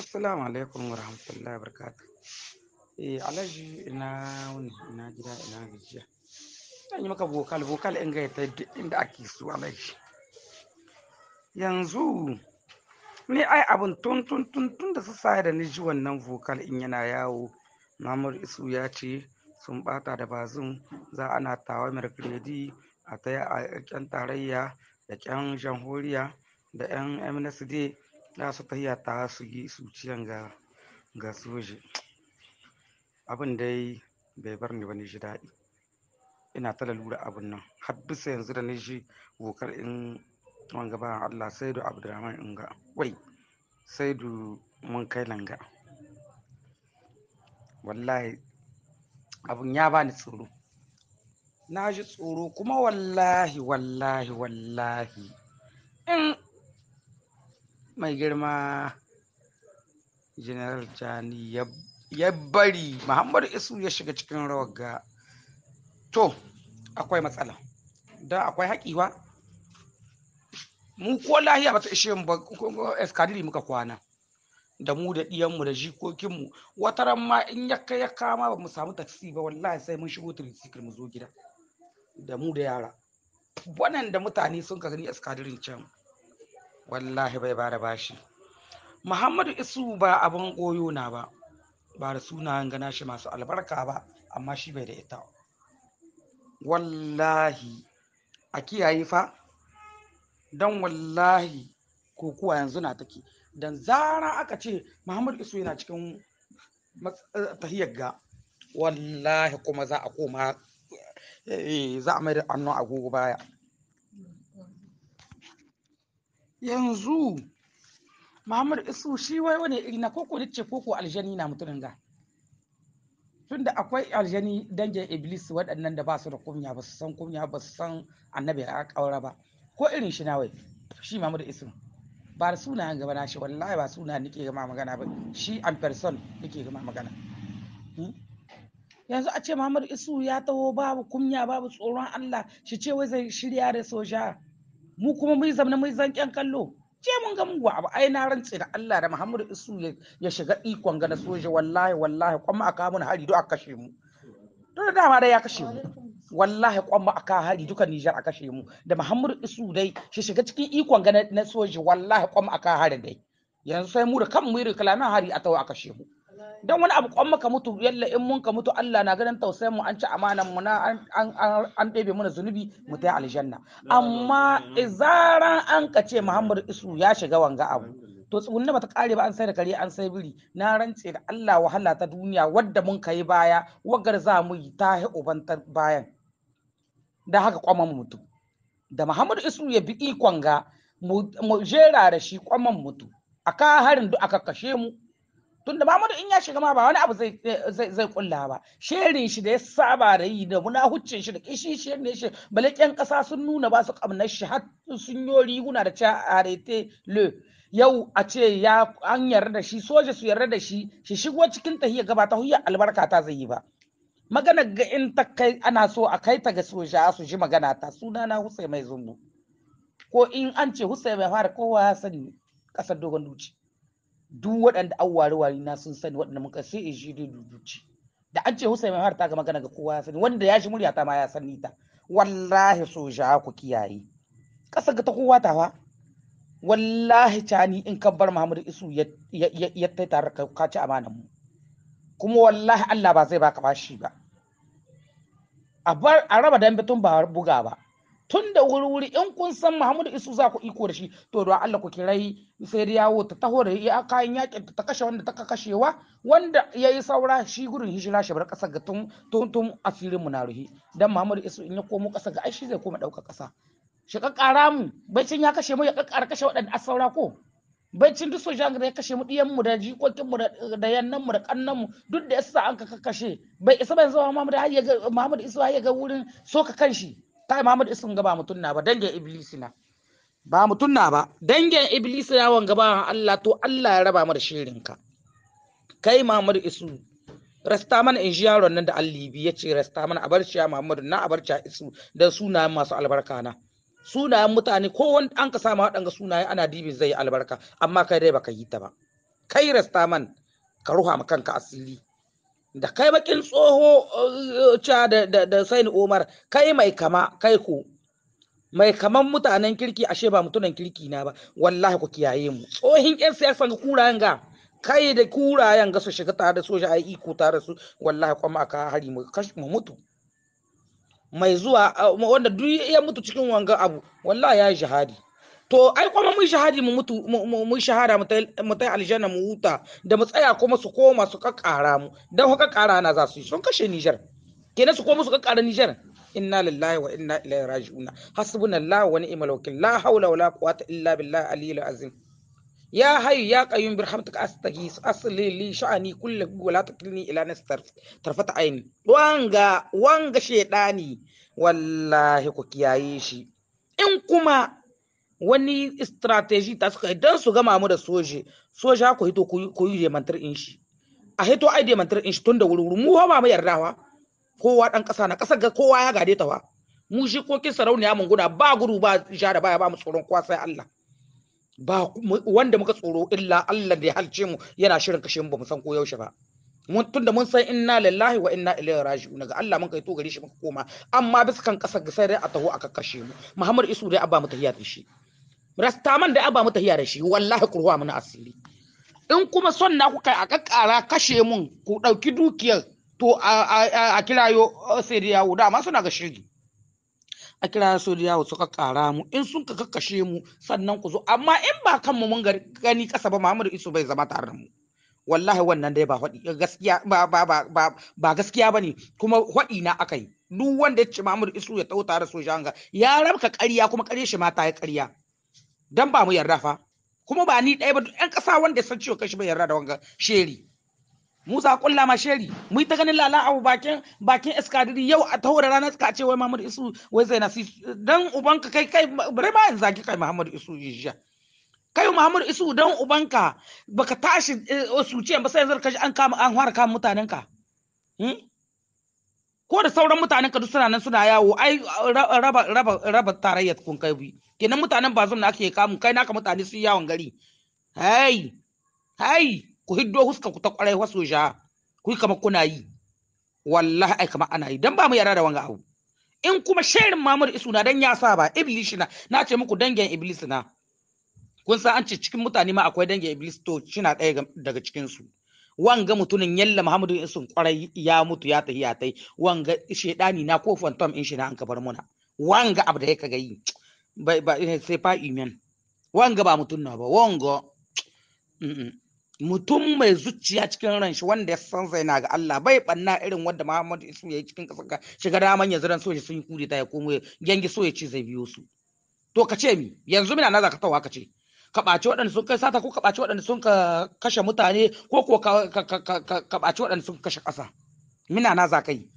Assalamu alaikum wa rahmatullahi wa Eh Alhaji ina wuni ina gida ina gajiya. Zan yi maka vocal vocal in ga ta inda ake so Alhaji. Yanzu ni ai abun tun tun tun tun da sassa da ni ji wannan vocal in yana yawo Mamur Isu ya ce sun bata da bazin za ana tawa mercredi a ta kyan tarayya da kyan jamhuriya da yan MNSD nasu tahiya ta su yi su ciyan ga ga soji abin dai bai bar ni ba ni ji daɗi ina ta lalura abin nan har bisa yanzu da ni shi wokar in wanga ba Allah sai da Abdurrahman in ga wai sai da mun kai langa wallahi abin ya bani tsoro na ji tsoro kuma wallahi wallahi wallahi in mai girma general jani ya bari muhammadu isu ya shiga cikin rawar ga to akwai matsala da akwai haƙiwa mu ko lahiya ba ta ishe eskadiri muka kwana da mu da ɗiyanmu da jikokinmu wata ran ma in ya kai ya kama ba mu samu taksi ba wallahi sai mun shigo tirisikir mu zo gida da mu da yara wannan da mutane sun ka gani eskadirin can wallahi bai ba da bashi muhammadu isu ba abin koyo na ba ba da sunayen gana shi masu albarka ba amma shi bai da ita wallahi a kiyaye fa don wallahi ko kuwa yanzu na take don zara aka ce muhammadu isu yana cikin tahiyar ga wallahi kuma za a koma eh, za a mai da annon agogo baya yanzu Muhammad Isu shi wai wani iri na koko ce koko aljani na mutumin ga tunda akwai aljani dangin iblis waɗannan da ba su da kunya ba su san kunya ba su san annabi a ƙaura ba ko irin shi na wai shi Muhammad Isu ba da sunayen gaba na shi wallahi ba suna nike gama magana ba shi an person nike gama magana hmm? yanzu a ce Muhammad Isu ya taho babu kunya babu tsoron Allah shi ce wai zai shirya da soja mu kuma mun zamna mun zan kyan kallo je mun ga mugu abu ai na rantse da Allah da Muhammadu Isu ya shiga ikon ga na soja wallahi wallahi kwamma aka mun hari duk aka kashe mu to da dama dai ya kashe mu wallahi kwamma aka hari duka Nijar aka kashe mu da Muhammadu Isu dai shi shiga cikin ikon ga na soja wallahi kwamma aka hari dai yanzu sai mu da kan mu yi hari a tawo aka kashe mu dan wani abu kwan maka mutu yalla in mun ka mutu Allah na ganin tausayin mu an ci amanan mu na an an ɗebe mana zunubi mu ta aljanna amma izaran an ka ce Muhammad Isu ya shiga wanga abu to ba bata kare ba an sai da kare an sai biri na rantse da Allah wahala ta duniya wadda mun kai baya wagar za mu yi ta uban ta bayan da haka kwaman mutu da Muhammad Isu ya bi ikon ga mu jera da shi kwaman mutu aka harin duk aka kashe mu tunda Muhammadu in ya shiga ma ba wani abu zai zai kulla ba sherin shi da ya saba da yi da munahuccin shi da kishi shi ne shi balaƙen ƙasa sun nuna ba su ƙamnar shi har sun yi riguna da arete le yau a ce ya an yarda da shi soja su yarda da shi shi shigo cikin tahiyya gaba ta huyar albarka ta zai yi ba magana ga in ta kai ana so a kai ta ga soja su ji magana ta suna na Hussein mai zungu ko in an ce Hussein mai fara kowa ya sani kasar dogon duci duk waɗanda an ware wari na sun sani waɗanda muka sai in shi duduci da an ce Hussein Mahar ta ga magana ga kowa ya sani wanda ya shi murya ta ma ya sani ta wallahi so ja ku kiyaye kasa ga ta kowa ta fa wallahi cani in ka bar Muhammadu Isu ya ta tare ka ci amanan mu kuma wallahi Allah ba zai baka bashi ba a raba dambe tun ba buga ba tun da wuri wuri in kun san Muhammadu Isu za ku iko da shi to don Allah ku kirai sai da yawo ta taho da ya kayan yakin ta kashe wanda ta kashewa wanda ya yi saura shi gurin hijira shi bar ƙasa ga tun tun asirin mu na ruhi dan Muhammadu Isu in ya komo ƙasa ga ai shi zai koma ɗaukar ƙasa shi kakkara mu bacin ya kashe mu ya kakkara kashe waɗanda asaura ko bacin duk sojan da ya kashe mu diyan mu da jikokin mu da yannan mu da kannan mu duk da yasa an ka kashe bai isa ban zama Muhammadu har ya ga Muhammadu Isu har ya ga wurin soka kanshi kai Muhammad Isun ga gaba mutun na ba dangin Iblis na ba mutun na ba dangin Iblis na wanga ba Allah to Allah ya raba mu da shirin ka kai Muhammad Isu rasta mana in ji yaron nan da Allibi ya ce rasta mana abarciya Muhammadu na abarciya Isu da sunayen masu albarka na sunayen mutane ko wani an ka sama waɗanga sunaye ana dibi zai albarka amma kai dai baka yi ta ba kai rasta man ka ruha ma kanka asiri da kai bakin tsoho uh, cha da sain umar kai mai kama kai ku mai kaman mutanen kirki ashe ba mutunan kirki na ba wallahi ku kiyaye mu tsohin yan siyasa ga kurayen ga kai da kurayen ga su shiga tare da soja ai iko tare da su wallahi kuma aka hari mu kashi mu mutu mai zuwa uh, wanda duk ya mutu cikin wanga abu wallahi ya yi jihadi to ai kuma mun shahadi mu mutu mun shahada mu tai aljanna mu huta da mu tsaya kuma su koma su kakkara mu dan ho kakkara na za su yi sun kashe Niger kenan su koma su kakkara Niger inna lillahi wa inna ilaihi raji'un hasbunallahu wa ni'mal wakil la hawla la quwwata illa billahi aliyyil azim Ya حي ya قيوم برحمتك استغيث اصلي لي شاني كله ولا takilni ila نفس tarfata ayni wanga wanga shedani Wallahi ku kiyaye shi in kuma wani strategy ta suka idan su gama mu da soje soja ku hito ku yi mantar in shi a hito ai mantar in shi tun da wuri wuri mu ba mu yarda wa kowa dan kasa na kasar ga kowa ya gade ta wa mu shi kokin sarauniya mun guda ba gudu ba jara baya ba mu tsoron kowa sai Allah ba wanda muka tsoro illa Allah da ya halce mu yana shirin kashe mu ba mu san ko yaushe ba mun tunda mun san inna lillahi wa inna ilaihi raji'un ga Allah mun kai to gare shi muka koma amma bisa kan kasar sai dai a taho aka kashe mu Muhammad Isu dai abba mu tahiyar shi rastaman da aba mu tahiya da shi wallahi kurwa mun asiri in kuma son na kuka a kakkara kashe mun ku ɗauki dukiyar to a kirayo uh, sediyawo dama suna ga shirgi a kirayo sediyawo suka kara mu in sun ka kakkashe mu sannan ku zo amma in ba kanmu mun gani kasa ba Muhammadu Isu bai zama tare da mu wallahi wannan dai ba faɗi gaskiya ba ba ba ba gaskiya bane kuma faɗi na akai duk wanda ya ce Muhammadu Isu ya tauta da sojanga ya rabka ƙarya kuma ƙarye shi ma ya ƙarya dan ba mu yarda fa kuma ba ni ɗaya ba ɗan ƙasa wanda san ciwo kashi bai yarda da wanga sheri Musa kulla ma sheri mu ta ganin lala abu bakin bakin eskadiri yau a tawara ranar suka ce wai Muhammadu Isu wai zai nasi dan ubanka kai kai bare ba zaki kai Muhammadu Isu jiya. kai Muhammadu Isu dan ubanka baka tashi eh, su ce ba sai yanzu kaji an kama an fara kama mutanenka hmm? ko da sauran mutanen kadu suna nan suna yawo ai raba raba raba tarayyar kun kai bi kenan mutanen ba na ake kamun kai naka mutane sun yawon gari hai hai ku hiddo huska ku ta kwarai wasu ja ku kama kuna yi wallahi ai kama ana yi dan ba mu yara da wanga abu in kuma sherin mamur isu na dan ya sa ba iblis na na ce muku dangin iblis na kun san an ce cikin mutane ma akwai dangin iblis to na daya daga cikin su wanga mutumin yalla muhammadu in sun kwarai ya mutu ya tahi ya tai wanga shedani na ko phantom in shi na hanka bar muna wanga abu da ya kaga yi ba eh, sai fa imen wanga ba mutun na ba wanga mutum mai zuciya cikin ran shi wanda ya san zai na ga Allah bai banna irin wanda Muhammadu Isu ya cikin kasar ka shiga daman yanzu ran soje sun yi ta ya komo yangi so ya ci zai biyo su to ka ce mi yanzu mina na zaka tawa ka ce kaɓaci waɗanda sun kai sata ko kaɓaci waɗanda sun kashe mutane ko ko kaɓaci waɗanda sun kashe ƙasa mina na za ka yi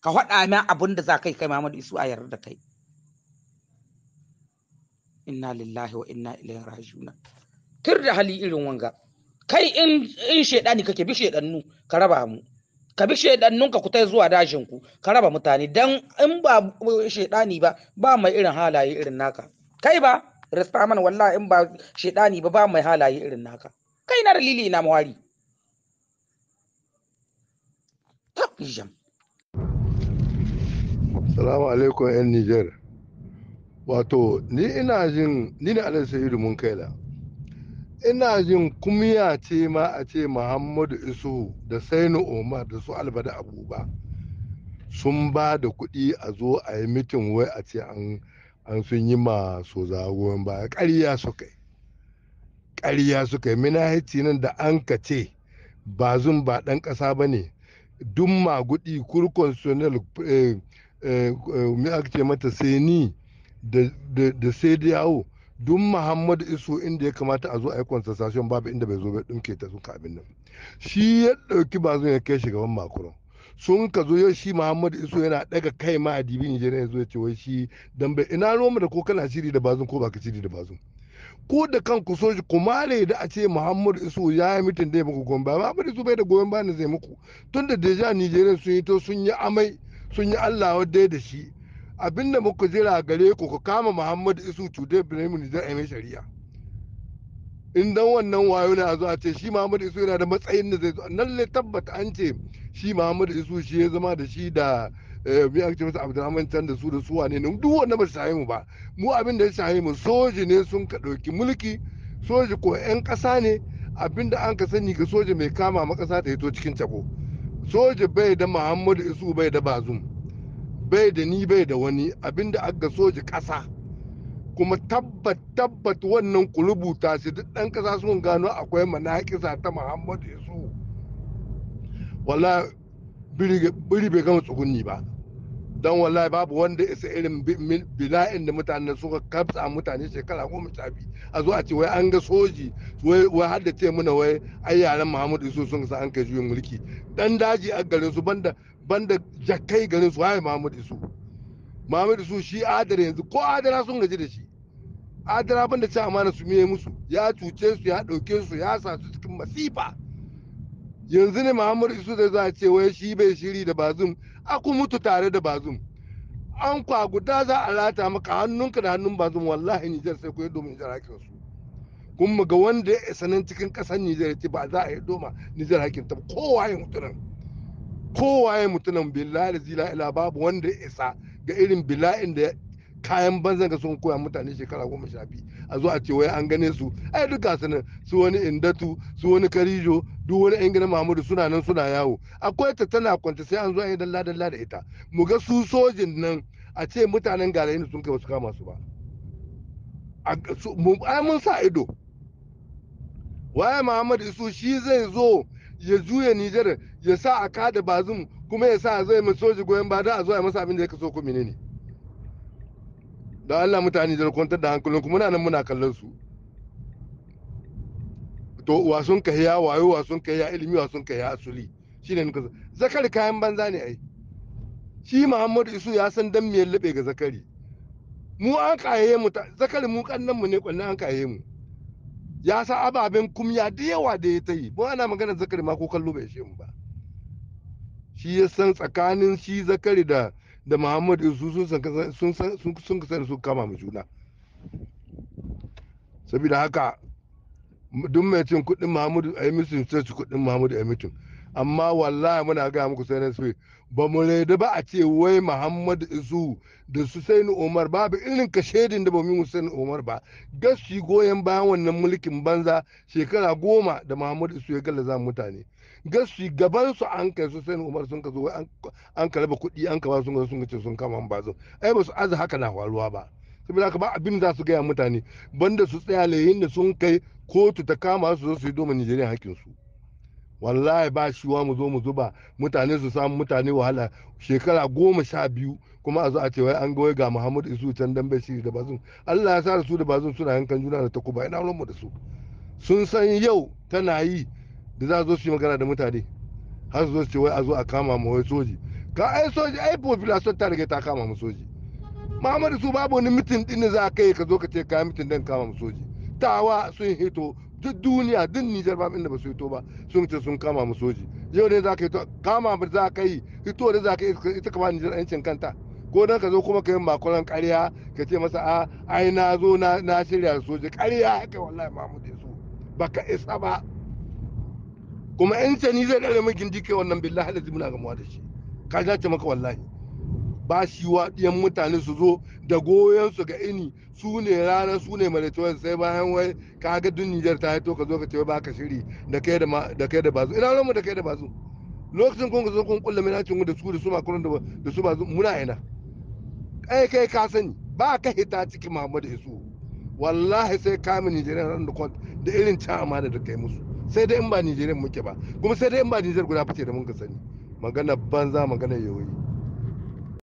ka faɗa min abin da za ka yi kai Muhammadu Isu a yarda da kai inna lillahi wa inna ilaihi rajiuna tir da hali irin wanga kai in in shedani kake bi shedannu ka raba mu ka bi shedannun ka kutai zuwa dajin ku ka raba mutane dan in ba shedani ba ba mai irin halaye irin naka kai ba rasta mana wallahi in ba shedani ba ba mai halaye irin naka kai na dalili ina mawari tabijam Assalamu alaikum yan Niger wato ni ina jin ni ne sai Sa'idu mun kaila ina jin kumiya ce ma a ce Muhammadu Isu da Sainu Umar da su Albada Abuba sun ba da kuɗi a zo a yi mitin wai a ce an an sun yi ma soza goyon baya ƙarya suka yi ƙarya suka yi minahici nan da an ka ce ba zun ba ɗan ƙasa ba ne dun magudi sunil eh, eh, eh, mi aka ce mata seni da sai da yawo dun muhammadu iso inda ya kamata a zo a yi consultation babu inda bai zo bai ɗumke ta sun abin nan shi ya ɗauki zun ya kai shi gaban makuron sun ka zo yau shi muhammadu iso yana daga kai ma a dibi nigeria yanzu zo ya ce wai shi dambe ina roma da ko kana shiri da bazun ko baka shiri da bazun Ko da kanku soji kuma ne da a ce muhammadu isu ya yi mitin da ya muku goyon baya muhammadu iso bai da goyon baya zai muku tun da deja nigeria sun yi to sun yi amai sun yi allah wadda da shi abinda muku jira gare ku ku kama muhammadu isu cutar birnin nijar a mai shari'a in dan wannan wayo ne a zo a ce shi muhammadu isu yana da matsayin da zai zo nan ne tabbata an ce shi Muhammadu Isu shi ya zama da shi da bi eh, aka ce masa Abdulrahman can da su da su wane ne duk wanda ba su shahe mu ba mu abin da ya shahe mu soji ne sun ka ɗauki mulki soji ko 'yan ƙasa ne abin da an ka sani ga soja mai kama makasa ta hito cikin cako soja bai da Muhammadu Isu bai da Bazum bai da ni bai da wani abin da aka soji ƙasa kuma tabbat tabbat wannan kulubuta shi duk ɗan ƙasa sun gano akwai manaƙisa ta Muhammadu Isu. wala biri bai gama tsugunni ba don wallahi babu wanda isa irin bila'in da mutane suka kafsa mutane shekara goma sha biyu a zuwa ce wai an ga soji wai har da ce muna wai ai yaran muhammadu isu sun sa an kai juyin mulki dan daji a garin su banda banda jakai garin su waye muhammadu isu muhammadu isu shi adara yanzu ko adara sun gaji da shi adara banda ci amana su miye musu ya cuce su ya ɗauke su ya sa su cikin masifa yanzu ne muhammadu isu da za a ce wai shi bai shiri da bazum aku mutu tare da bazum an kwa guda za a lata maka hannunka da hannun bazum wallahi nijar sai ku yi domin nijar hakin su kun mu ga wanda ya isa nan cikin kasar nijar ce ba za a yi doma nijar hakin ta kowa ya mutu nan kowa ya mutu nan billahi ila babu wanda ya isa ga irin bila'in da kayan banzan ka sun koya mutane shekara goma sha biyu a zo a ce wai an gane su ai duka su nan su wani indatu su wani karijo duk wani yan gina mahamudu suna nan suna yawo akwai ta tana kwanta sai an zo a yi dalla dalla da ita mu ga su sojin nan a ce mutanen garayin sun kai wasu kama su ba ai mun sa ido waye muhammad isu shi zai zo ya juya nijar ya sa a kada bazum kuma ya sa a zo mai soji goyon ba da a zo a masa abin da ya kaso ko menene ne don Allah mutane da kwantar da hankalin kuma muna nan muna kallon su to wasun ka ya wayo wasun ka ya ilimi wasun ka ya asuli shine nuka zakari kayan banza ne ai shi Muhammadu Isu ya san dan me labe ga zakari mu an kayaye mu zakari mu kannan mu ne kwannan an kayaye mu ya sa ababen kumya da yawa da ya tayi mu ana magana zakari ma ko kallo bai ishe mu ba shi ya san tsakanin shi zakari da da muhammadu su sun kusa su kama mu juna saboda haka duk mai cin kudin muhammadu a yi mutum sai su kudin muhammadu a yi mutum amma wallahi muna gaya muku sai na sai ba mu raida ba a ce wai muhammadu su da su sai ni umar ba bi irin ka shaidin da ba mu sai ni umar ba gaski goyon bayan wannan mulkin banza shekara goma da muhammadu su ya za mutane ga gaban su an kai su sai umar sun ka zo an ka raba kuɗi an ka ba sun ka sun ce sun kama ba zo ai ba su aza haka na faruwa ba saboda haka ba abin za su gaya mutane banda su tsaya layin da sun kai kotu ta kama su zo su yi doma nijeriya hakkin su wallahi ba shi wa mu zo mu zuba mutane su samu mutane wahala shekara goma sha biyu kuma a zo a ce wai an gawai ga muhammadu isu can dan bai da bazun allah ya sa da su da bazun suna yankan juna da takuba ina ruwanmu da su sun san yau tana yi da za a zo su yi magana da mutane har su zo su ce wai a zo a kama mu wai soji ka ai soji ai population ta rage ta kama mu soji Muhammadu su babu wani mitin din da za a kai ka zo ka ce ka mitin dan kama mu soji tawa sun hito duk duniya din Nijar ba inda ba su hito ba sun ce sun kama mu soji yau ne za ka hito kama ba za ka yi hito da za ka yi ita kama Nijar yancin kanta ko dan ka zo kuma ka yi makonan ƙarya ka ce masa a ah, ai na zo na shirya soji ƙarya haka wallahi Muhammadu su baka isa ba kuma in sani zai kare mai gindi kai wannan billahi da muna gamuwa da shi ka ja ce maka wallahi ba shi wa ɗiyan mutane su zo da goyon su ga ini su ne rana su ne maritoyin sai bayan wai ka ga dun Nijar ta haito ka zo ka ce ba ka shiri da kai da da kai da bazu ina ramu da kai da bazu lokacin kun zo kun kulla mina cin da su da su ma kurun da su bazu muna ina kai kai ka sani ba ka hita cikin mahammadu Isu wallahi sai ka mini Nijar da irin ta amana da kai musu sai dai in ba Nijeriya muke ba kuma sai dai in ba Nijar guda fice da mun ka sani magana banza magana yoyi